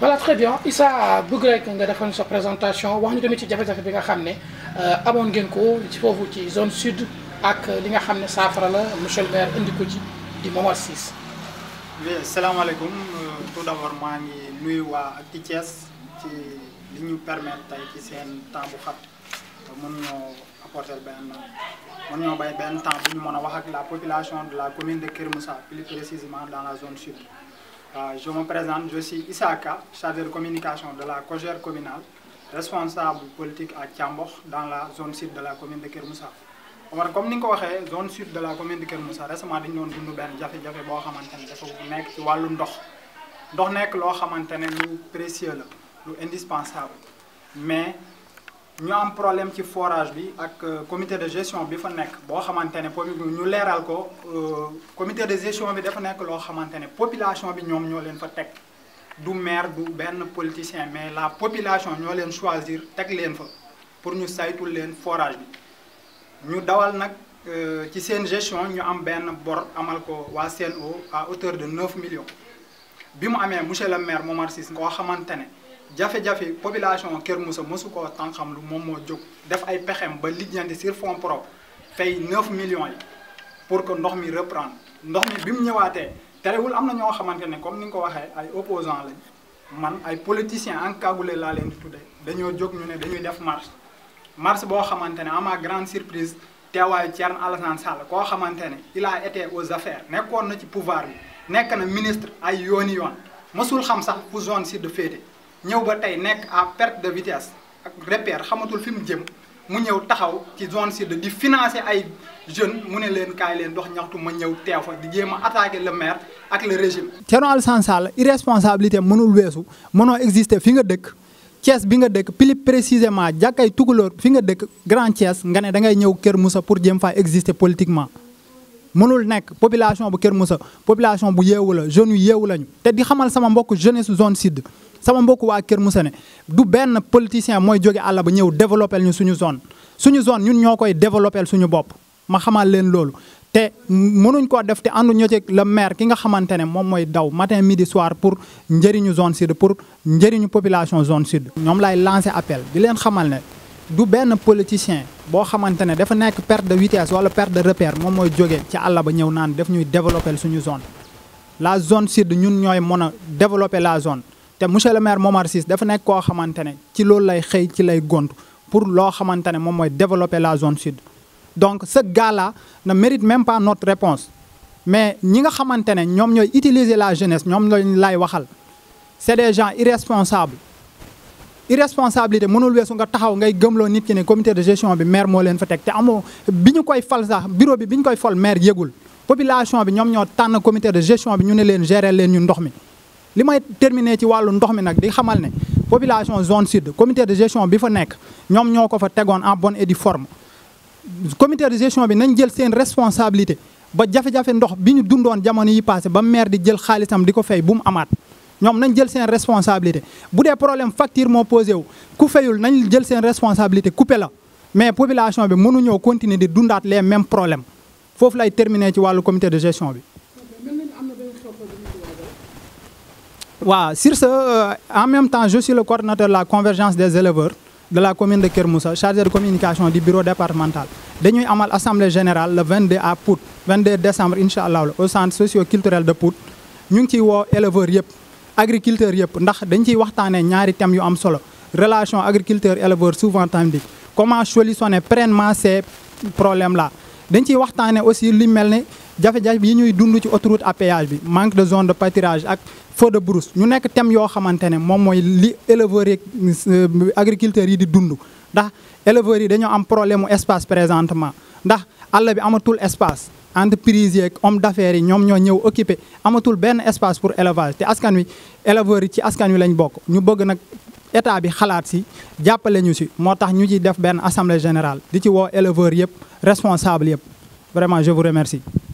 voilà très bien Issa bëgg rekk nga defal sa présentation wax ñu tamit ci jafe-jafe bi nga xam ne euh, amoon ngeen ko ci foofu ci zone sud ak li nga xam ne saafara la monsieur le maire indi ko ci di Momar Ciss. oui salaamaaleykum euh, tout d'abord maa ngi nuyu waa Actu Thiès ci li ñu permettre tey ci seen temps bu xat mën ñoo apporter benn mën ñoo bay benn temps bu ñu mën a wax ak la population de la commune de Kër Moussa plus précisément dans la zone sud. Euh, je me présente, je suis Isaka, chargé de communication de la Cogère communale, responsable politique à Thiamboch dans la zone sud de la commune de Kër Moussa. Omar comme ni nga ko waxee zone sud de la commune de Kër Moussa récemment dañu doon dund benn jafe-jafe boo xamante ne dafa nekk ci wàllu ndox ndox nekk loo xamante lu précieux la lu indispensable mais. ñu am problème ci forage bi ak euh, comité de gestion bi fa nekk boo xamante ne ñu leeral ko euh, comité de gestion bi dafa nekk loo xamante ne population bi ñoom ñoo leen fa teg du maire du benn politicien mais la population ñoo leen choisir teg leen fa pour ñu saytul leen forage bi ñu dawal nag euh, ci seen gestion ñu am benn bor amal ko waa seen o à hauteur de 9 millions bi mu amee monsieur le maire Momar Cissé ngoo xamante ne jafe-jafe population Kër Moussa mosu koo tànqam lu moom moo jóg def ay pexem ba lijjanti sur fonds propre fay 9 millions yi pour que ndox mi reprendre ndox mi bi mu ñëwaatee terewul am na ñoo xamante ne comme ni nga ko waxee ay opposants lañ man ay politiciens encagoulés laa leen di tuddee dañoo jóg ñu ne dañuy def marche marche boo xamante ne ama grande surprise teewaayu Thierno Alassane Sall koo xamante ne il a été aux nekkoon na ci pouvoir bi. nekk na ministre ay yooni yoon mësul xam sax fu zone sud féete ñëw ba tey nekk à perte de vitesse ak repère xamatul fi mu jëm mu ñëw taxaw ci zone sud di financer ay jeunes mu ne leen kaay leen dox ñaxtu ma ñëw teew fa di jéem a attaquer le ak le régime. Thierno Alassane irresponsabilité mënul weesu mënoo exister fi nga dëkk. Thiès bi nga dëkk plus précisément jàkkay tukulóor fi nga dëkk Grand Thiès nga ne da ngay ñëw Kër Moussa pour jéem faa exister politiquement mënul nekk population bu Kër Moussa population bu yeewu la jeunes yu yeewu lañu te di xamal sama mbokk jeunesse zone sidd sama mbokk waa Kër Moussa ne du benn politicien mooy jóge àll ba ñëw développé ñu suñu zone suñu zone ñun ñoo koy développé suñu bopp ma xamal leen loolu te mënuñ koo def te àndu ñoo ci le maire ki nga xamante ne moom mooy daw matin midi soir pour njëriñu zone sud pour njëriñu population zone sud ñoom lay lancé appel di leen xamal ne du benn politicien boo xamante ne dafa nekk perte de vitesse wala perte de repère moom mooy jóge ci àll ba ñëw naan daf ñuy développer suñu zone la zone sud ñun ñooy mën a développer la zone te monsieur le maire Momar Ciss dafa nekk koo xamante ne ci loolu lay xëy ci lay gont pour loo xamante ne moom mooy développer la zone sud donc ce gars-là ne mérite même pas notre réponse mais ñi nga xamante ne ñoom ñooy utiliser la jeunesse ñoom lañ lay waxal c'est de gens irresponsables irresponsabilité mënul weesu nga taxaw ngay gëmloo nit ki ne comité de gestion bi maire moo leen fa teg te amoo bi ñu koy fal sax bureau bi bi ñu koy fal maire yëgul population bi ñoom ñoo tànn comité de gestion bi ñu ne leen gérer leen ñu ndox mi li may terminer ci wàllu ndox mi nag di xamal ne population zone sud comité de gestion bi fa nekk ñoom ñoo ko fa tegoon en bonne et due forme comité de gestion bi nañ jël seen responsabilité ba jafe ndox bi ñu dundoon jamono yi passé ba maire di jël xaalisam di ko fay bu mu amaat ñoom nañ jël seen responsabilité bu dee problème facture moo wu ku fayul nañ jël seen responsabilité coupé la mais population bi mënuñoo continuer di dundaat lee mêmes problème foofu lay terminer ci wàllu comité de gestion bi. waa sir ce euh, en même temps je suis le coordonnateur de la convergence des éleveurs de la commune de Kër Moussa chargé de communication du bureau départemental dañuy amal assemblée générale le 22 à Pout 22 décembre incha allah au centre socio culturel de Pout ñu ngi ciy woo éleveurs yëpp. agriculteur yëpp ndax dañ ciy waxtaanee ñaari thèmes yu am solo relation agriculteur éleveur souvent tam di comment solutionner pleinement ces problème la dañ ciy waxtaanee aussi li mel ne jafe-jafe yi ñuy dund ci autoroute à péage bi manque de zone de pâturage ak feu de brousse ñu nekk thème yoo xamante ne moom mooy li éleveurs yi euh, agriculteurs yi di dund ndax éleveurs yi dañoo am problème mu espace présentement ndax àll bi amatul espace entreprise yeeg homme d'affaires yi ñoom ñoo ñëw occupé amatul benn espace pour élevage te askan wi éleveurs yi ci askan wi lañ bokk ñu bëgg nag état bi xalaat si jàppale si moo tax ñu ciy def benn assemblée générale di ci woo éleveurs yëpp responsable yëpp vraiment je vous remercie